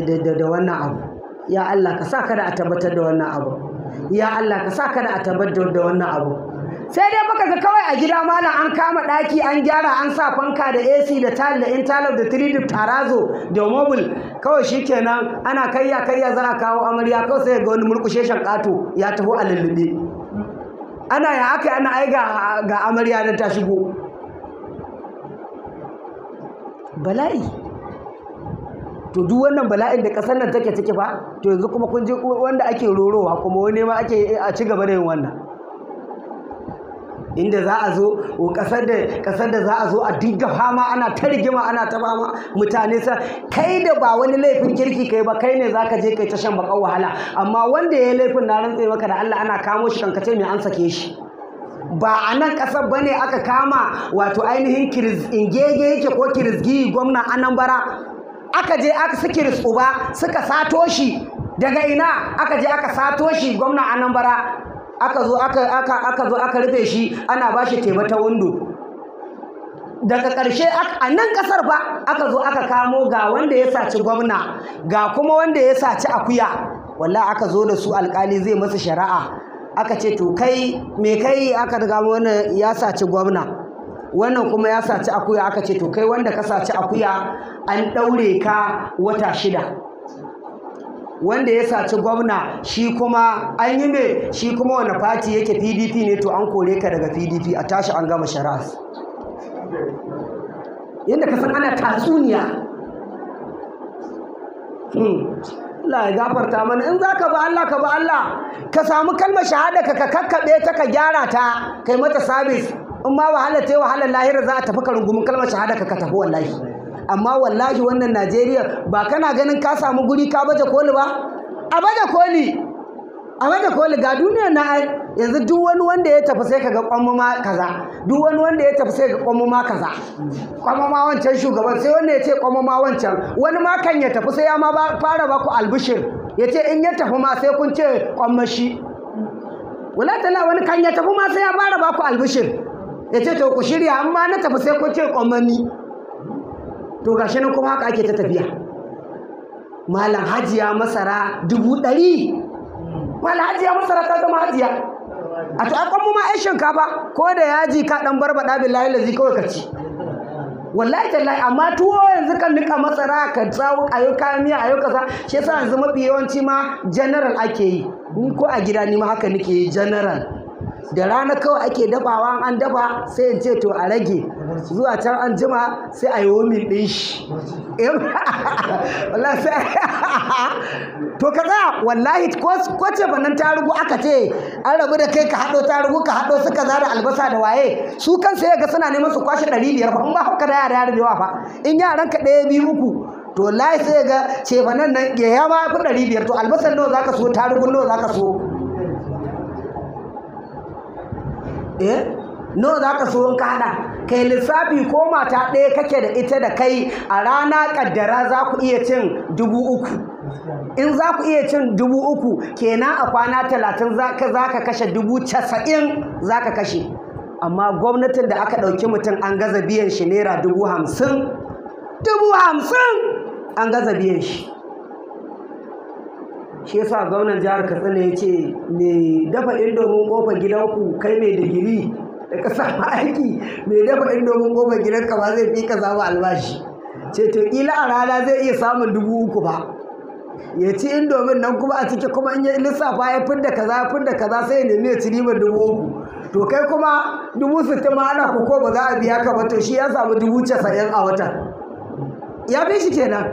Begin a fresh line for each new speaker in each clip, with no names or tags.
da wannan abu ya Allah ka sa kada a tabbatar da wannan abu ya Allah ka sa kada a tabbatar da wannan abu sai dai baka ga kawai a gida malam an kama daki an gyara an sa fanka da AC da tile da interlock da 3D tarazo da mobile kawai shikenan ana kayya kayya za a kawo amarya kawai sai ga wani murkushe shan kato ya taho a lullube ana ya aka ana ai ga amarya da ta shigo bala'i to duk wannan bala'in da ƙasar nan take ciki fa to yanzu kuma kun ji wanda ake rorowa kuma wani ma ake a ci gaba da yin wannan inda za a zo ƙasar da ƙasar da za a zo a dinga fama ana ta rigima ana ta fama mutane sa kai da ba wani laifin kirki kai ba kai ne zaka je kai ta shan bakan wahala amma wanda ya laifin na rantse maka da Allah ana kamo shi kankace mai an sake shi ba a nan ƙasar ba aka kama wato ainihin ingege yake ko kirizgi gwamna anambara aka je aka suke ba suka sato shi daga ina aka je aka sato shi gwamna anambara aka zo aka zo aka rufe shi ana ba shi teba wando daga ƙarshe a nan ƙasar ba aka zo aka kamo ga wanda ya saci gwamna ga kuma wanda ya saci akuya wallahi aka zo da su alƙali zai masa shari'a aka ce to kai me kai aka riga wannan ya saci gwamna wannan kuma ya saci akuya aka ce to kai wanda ka saci akuya an ɗaure ka wata shida wanda ya saci gwamna shi kuma an yi mai shi kuma wani fati yake pdp ne to an kore ka daga pdp a tashi an gama sharas yadda ka san ana tatsuniya hmm. Allah ya gafarta mana in za ka ba Allah ka ba Allah ka samu kalmar shahada ka kakkaɓe kakkabe ta ka gyara ta kai mata sabis in ma wahala ta wahalar lahira za a tafi ka rungumin kalmar shahada ka tafi wallahi amma wallahi wannan najeriya ba kana ganin ka samu guri ka baje koli ba a baje koli a baje koli ga duniya na yanzu duk wani wanda ya tafi sai kaga kwamma ma kaza duk wani wanda ya tafi sai ka kwamma ma kaza kwamma ma wancan shugaban sai wanda ya ce kwamma ma wancan wani ma kan ya tafi sai ya ma fara baku albishir ya ce in ya tafi ma sai kun ce kwamma shi wala tana wani kan ya tafi ma sai ya fara baku albishir ya ce to ku shirya amma na tafi sai kun ce kwamani to gashi nan kuma haka ake ta tafiya malam hajiya masara dubu ɗari malam hajiya masara ta zama hajiya a to akwai ma ai shinkafa ko da yaji ka dan barbaɗa billahi lazi kawai ka ci wallahi tallahi amma tuwo yanzu kan nika masara ka tsawo ayo kayan miya ayo kaza shi yasa yanzu mafi yawanci ma general ake yi ko a gida ni ma haka nake yi general da rana kawai ake dafawa an dafa sai in ce to a rage zuwa can an jima sai a yi wumi ɗin shi to ka za wallahi ko ce bannan tarugu aka ce an rabu da kai ka haɗo tarugu ka haɗo suka zara albasa da waye su kan yaga ga suna neman su kwashe ɗari biyar ba in haka da yara da yawa fa in yaran ka ɗaya biyu uku to wallahi sai ga ce bannan nan ya ma fi ɗari biyar to albasa nawa zaka so tarugun nawa zaka so eh no za ka so in ka haɗa kai lissafi ko mata ɗaya kake da ita da kai a rana ƙaddara za ku iya cin dubu uku in za ku iya cin dubu uku kenan a kwana talatin za ka kashe dubu casa'in za ka kashe amma gwamnatin da aka ɗauki mutum an gaza biyan shi naira dubu hamsin dubu hamsin an gaza biyan shi shi yasa gwamnan jihar katsina ya ce me dafa indomin kofar gidanku kai mai digiri da ka samu aiki mai dafa indomin kofar gidanka ba zai fi ka samu albashi ce to kila a rana zai iya samun dubu uku ba ya ci indomin nan kuma a ciki kuma in ya lissafa ya fin da kaza ya fin da kaza sai ya nemi ya ci dubu uku to kai kuma dubu sittin ma ana ko ba za a biya ka ba to shi ya samu dubu casa'in a watan ya bi shi kenan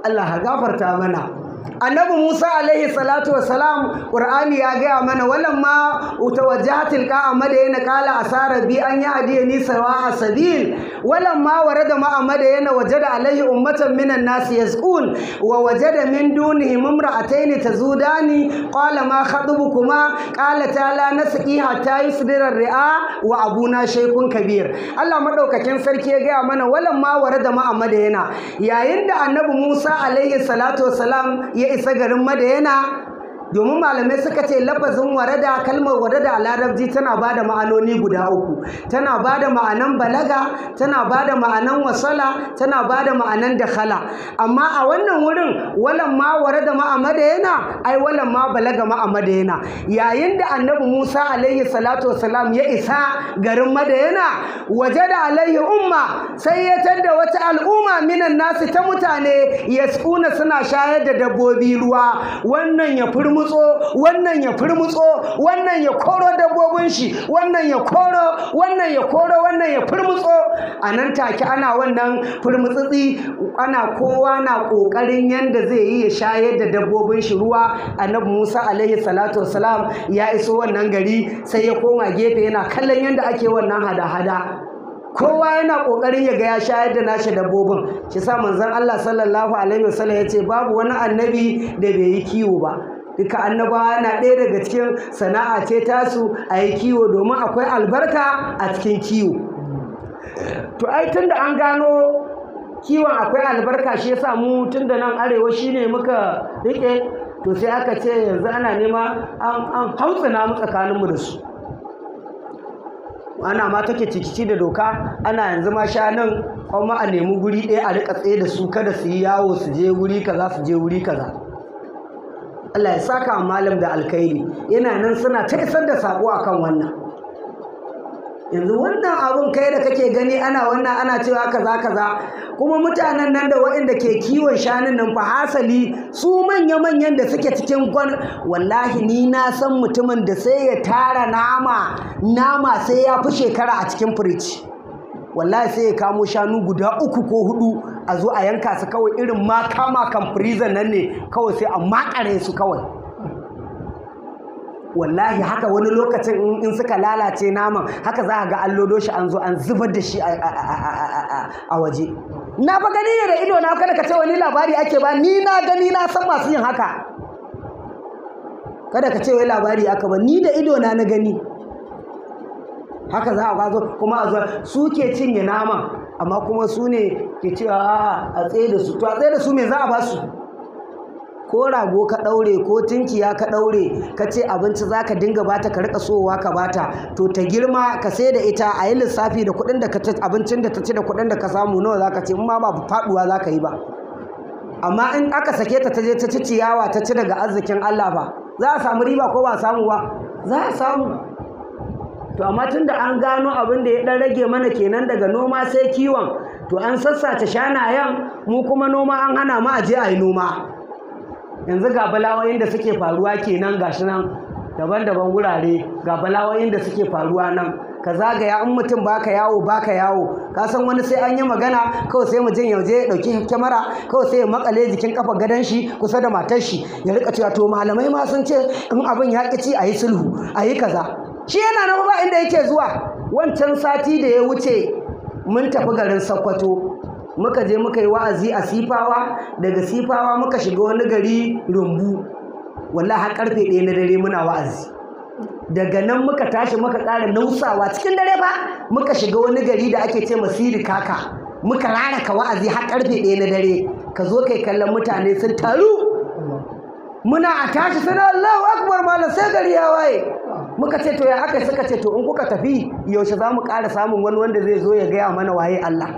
Allah ha gafarta mana annabi musa alaihi salatu wassalam ƙur'ani ya gaya mana Wannan ma utawajjaha tilka a madayana qala asara bi an yi yahdiya ni sawa sabil Wannan ma ware warada ma a waje da alaihi ummatan minan nas yazqun wa waje da min dunihim ta zudani. qala ma kuma khatubukuma qala ta'ala nasqi hatta yusdira ri'a wa abuna shaykun kabir Allah madaukakin sarki ya gaya mana Wannan ma warada ma a madayana yayin da annabi musa alaihi salatu wassalam ya isa garin madayana domin malamai suka ce lafazin warada kalmar warada a larabci tana ba da ma'anoni guda uku tana ba da ma'anan balaga tana ba da ma'anan wasala tana ba da ma'anan dakhala amma a wannan wurin walan ma warada ma a yana, ai walan ma balaga ma a yayin da annabi musa alaihi salatu wasalam ya isa garin yana, waje da alaihi umma sai ya tadda wata al'umma minan nasu ta mutane ya suna shayar da dabbobi ruwa wannan ya furmu firmutso wannan ya firmutso wannan ya koro dabbobin shi wannan ya koro wannan ya koro wannan ya firmutso a nan take ana wannan firmutsitsi ana kowa na kokarin yanda zai yi ya shayar da dabbobin shi ruwa annabi Musa alaihi salatu wasalam ya iso wannan gari sai ya koma gefe yana kallon yanda ake wannan hada-hada kowa yana kokarin ya ga ya shayar da nashi dabbobin shi sa manzon Allah sallallahu alaihi wasallam ya ce babu wani annabi da bai yi kiwo ba duka annabawa na ɗaya daga cikin sana'a ce tasu a yi kiwo domin akwai albarka a cikin kiwo to ai tun da an gano kiwon akwai albarka shi ya mu tun da nan arewa shi shine muka riƙe? to sai aka ce yanzu ana nema an hautsina mu tsakaninmu da su ana ma take cikici da doka ana yanzu ma sha nan kuma a nemi guri ɗaya a rika tsaye da su kada su yi yawo su je wuri kaza su je wuri kaza Allah ya saka malam da alkhairi yana nan suna ta isar da sako kan wannan yanzu wannan abun kai da kake gani ana wannan ana cewa kaza kaza kuma mutanen nan da waɗanda ke kiwon shanun nan fa hasali su manya manyan da suke cikin gwan wallahi ni na san mutumin da sai ya tara nama nama sai ya fi shekara a cikin firiji wallahi sai ya kamo shanu guda uku ko hudu a zo a yanka su kawai irin ma kama kan prison nan ne kawai sai a makare su kawai wallahi haka wani lokacin in suka lalace naman haka za a ga an lodo shi an zo an zubar da shi a waje na ba gani ne da ido na kada ka ce wani labari ake ba ni na gani na san masu yin haka kada ka ce wai labari aka ba ni da ido na na gani haka za a bazo kuma a zuwa suke cinye naman amma kuma su ne ke cewa a tsaye da su to a tsaye da su me za a ba su ko rago ka ɗaure ko tunkiya ka ɗaure ka ce abinci za ka dinga bata ka rika sowa ka bata to ta girma ka sai da ita a yi lissafi da kuɗin da ka ci abincin da ta ci da kuɗin da ka samu nawa za ka ce in ma ba faɗuwa za ka yi ba amma in aka sake ta ta je ta ci ciyawa ta ci daga arzikin Allah ba za a samu riba ko ba samu ba za a samu to amma tun da an gano abin da ya ɗan rage mana kenan daga noma sai kiwon to an sassace shanayen mu kuma noma an hana mu aje a yi noma yanzu ga bala'o'in da suke faruwa kenan gashi nan daban-daban wurare ga bala'o'in da suke faruwa nan ka zagaya in mutum baka yawo baka yawo ka san wani sai an yi magana kawai sai mu jin yauje ya ɗauki kyamara kawai sai ya makale jikin kafa gadon shi kusa da matar shi ya rika cewa to malamai ma sun ce in abin ya ci a yi sulhu a yi kaza shi yana nan ba inda yake zuwa wancan sati da ya wuce mun tafi garin Sokoto muka je muka yi wa'azi a Sifawa daga Sifawa muka shiga wani gari Rumbu wallahi har karfe ɗaya na dare muna wa'azi daga nan muka tashi muka ƙara nausawa cikin dare ba muka shiga wani gari da ake ce masiri kaka muka raraka wa'azi har karfe ɗaya na dare ka zo kai kallon mutane sun taru muna a tashi suna Allahu akbar malam sai gari ya waye muka ce to ya aka suka ce to in kuka tafi yaushe za mu ƙara samun wani wanda zai zo ya gaya mana waye Allah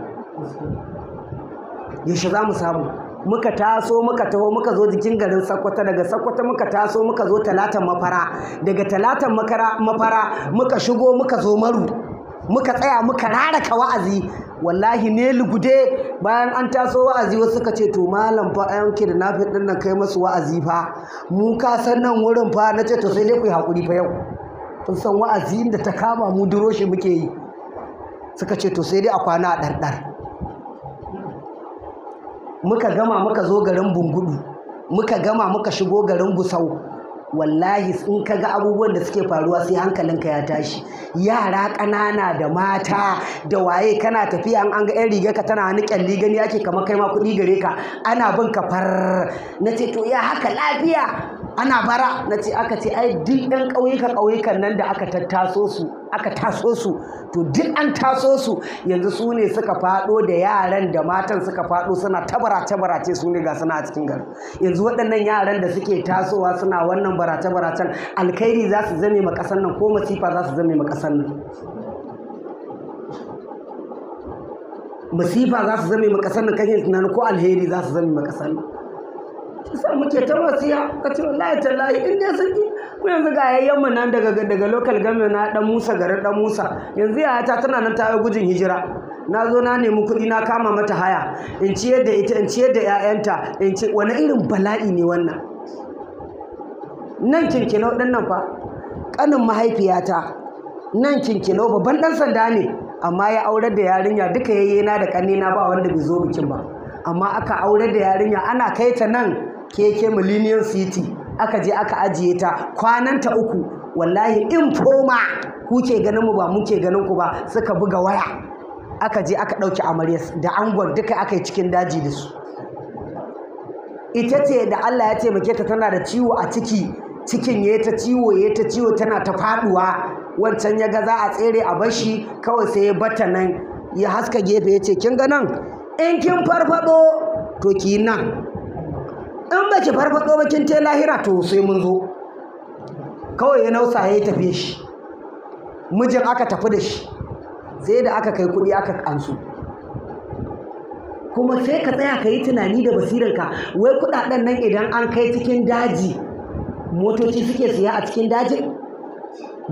yaushe za mu samu muka taso muka taho muka zo jikin garin sakwata daga sakwata muka taso muka zo talatan mafara daga talatan mafara muka shigo muka zo maru muka tsaya muka raraka wa'azi wallahi ne lugude bayan an taso wa'azi wasu suka ce to malam fa an da nafi din kai masu wa'azi fa mu ka san nan wurin fa nace to sai dai ku yi hakuri fa yau kun san wa'azi inda ta kama mu duroshi muke yi suka ce to sai dai a kwana a ɗarɗar muka gama muka zo garin bungudu muka gama muka shigo garin busau wallahi in ka ga abubuwan da suke faruwa sai hankalinka ya tashi yara ƙanana da mata da waye kana tafiya an an ga 'yan riga ka tana wani kyalli gani ake kamar kai ma kuɗi gare ka ana bin ka far na ce to ya haka lafiya ana bara na ce aka ce ai duk ɗan ƙauyuka ƙauyukan nan da aka tattaso su aka taso su to duk an taso su yanzu su ne suka faɗo da yaran da matan suka faɗo suna ta barace barace su ne ga suna a cikin gari yanzu waɗannan yaran da suke tasowa suna wannan barace baracen alkhairi za su zame ma ƙasar nan ko masifa za su zame ma ƙasar nan masifa za su zame ma ƙasar nan kan yin tunanin ko alheri za su zame ma ƙasar nan sai muke ta wasiya ka ce wallahi tallahi in dai sun yi ku yanzu ga yayyan mu nan daga daga local government na dan Musa garin dan Musa yanzu ya ta tana nan ta gujin hijira na zo na nemi kuɗi na kama mata haya in ciyar da ita in ciyar da 'ya'yanta in ce wani irin bala'i ne wannan nan kinkino ɗin nan fa ƙanin mahaifiyata nan kinkinau babban ɗan sanda ne amma ya aurar da yarinya duka yayyena da ƙannena ba wanda bai zo bikin ba amma aka aurar da yarinya ana kai ta nan keke millennium city aka je aka ajiye ta kwananta uku wallahi in foma kuke ganin mu ba muke ganin ku ba suka buga waya aka je aka ɗauki amaryas da angon duka aka yi cikin daji da su ita ce da Allah ya taimake ta tana da ciwo a ciki cikin ya ta ciwo ya ta ciwo tana ta faduwa wancan ya ga za a tsere a bashi kawai sai ya bata nan ya haska gefe ya ce kin ga nan in kin farfado to ki nan in ba ki farfaɗo ba kin lahira to sai mun zo kawai ya nausa ya tafi shi mijin aka tafi da shi zai da aka kai kuɗi aka kansu kuma sai ka tsaya ka yi tunani da basirinka wai kuɗaɗen nan idan an kai cikin daji motoci suke siya a cikin dajin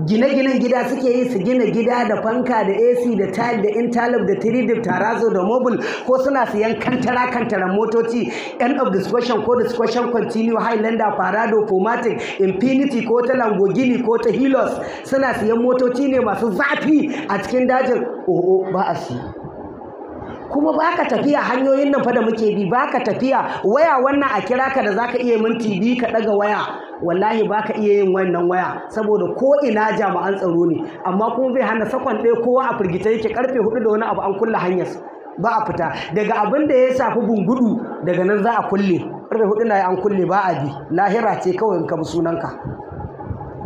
gine-ginen gida suke yi su gina gida da fanka da ac da tile da interlock da 3 tarazo da mobile ko suna siyan kantara kantaran motoci end of discussion ko discussion continue highlander parado pomatic infinity ko ta langogini ko ta hilos suna siyan motoci ne masu zafi a cikin dajin o'o oh, oh, ba a siya kuma baka tafiya hanyoyin nan fa da muke bi baka tafiya waya wannan a kira ka da zaka iya minti biyu ka ɗaga waya wallahi baka iya yin wannan waya saboda ko ina jami'an tsaro ne amma kuma bai hana sakon ɗaya kowa a firgita yake karfe hudu da wani abu an kulle hanyar ba a fita daga abin da ya shafi bungudu daga nan za a kulle karfe hudu na an kulle ba a bi lahira ce kawai in ka bi sunanka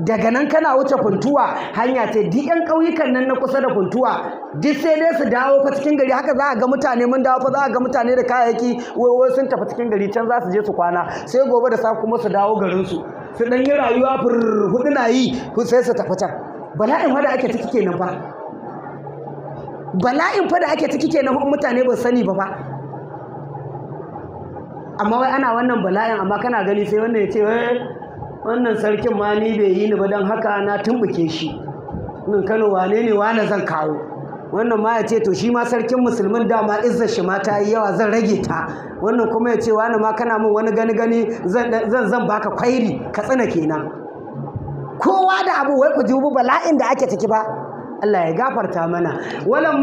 daga nan kana wuce funtuwa hanya ce duk yan ƙauyukan nan na kusa da funtuwa duk sai dai su dawo fa cikin gari haka za a ga mutane mun dawo fa za a ga mutane da kayayyaki wai sun tafi cikin gari can za su je su kwana sai gobe da safe kuma su dawo garin su su dan yi rayuwa fur hudu na yi sai su tafi can bala'in fa da ake ciki kenan fa bala'in fa da ake ciki kenan mutane ba sani ba fa amma wai ana wannan bala'in amma kana gani sai wannan ya ce wai eh, wannan sarkin ma ni bai yi ni ba don haka na tumbuke shi nan kano wane ne wane zan kawo wannan ma ya ce to shi ma sarkin musulmin dama izzar shi ma ta yi yawa zan rage ta wannan kuma ya ce wani ma kana min wani gani gani zan zan baka kwairi ka tsina kenan kowa da abu wai ku jubu bala'in da ake ciki ba Allah ya gafarta mana walan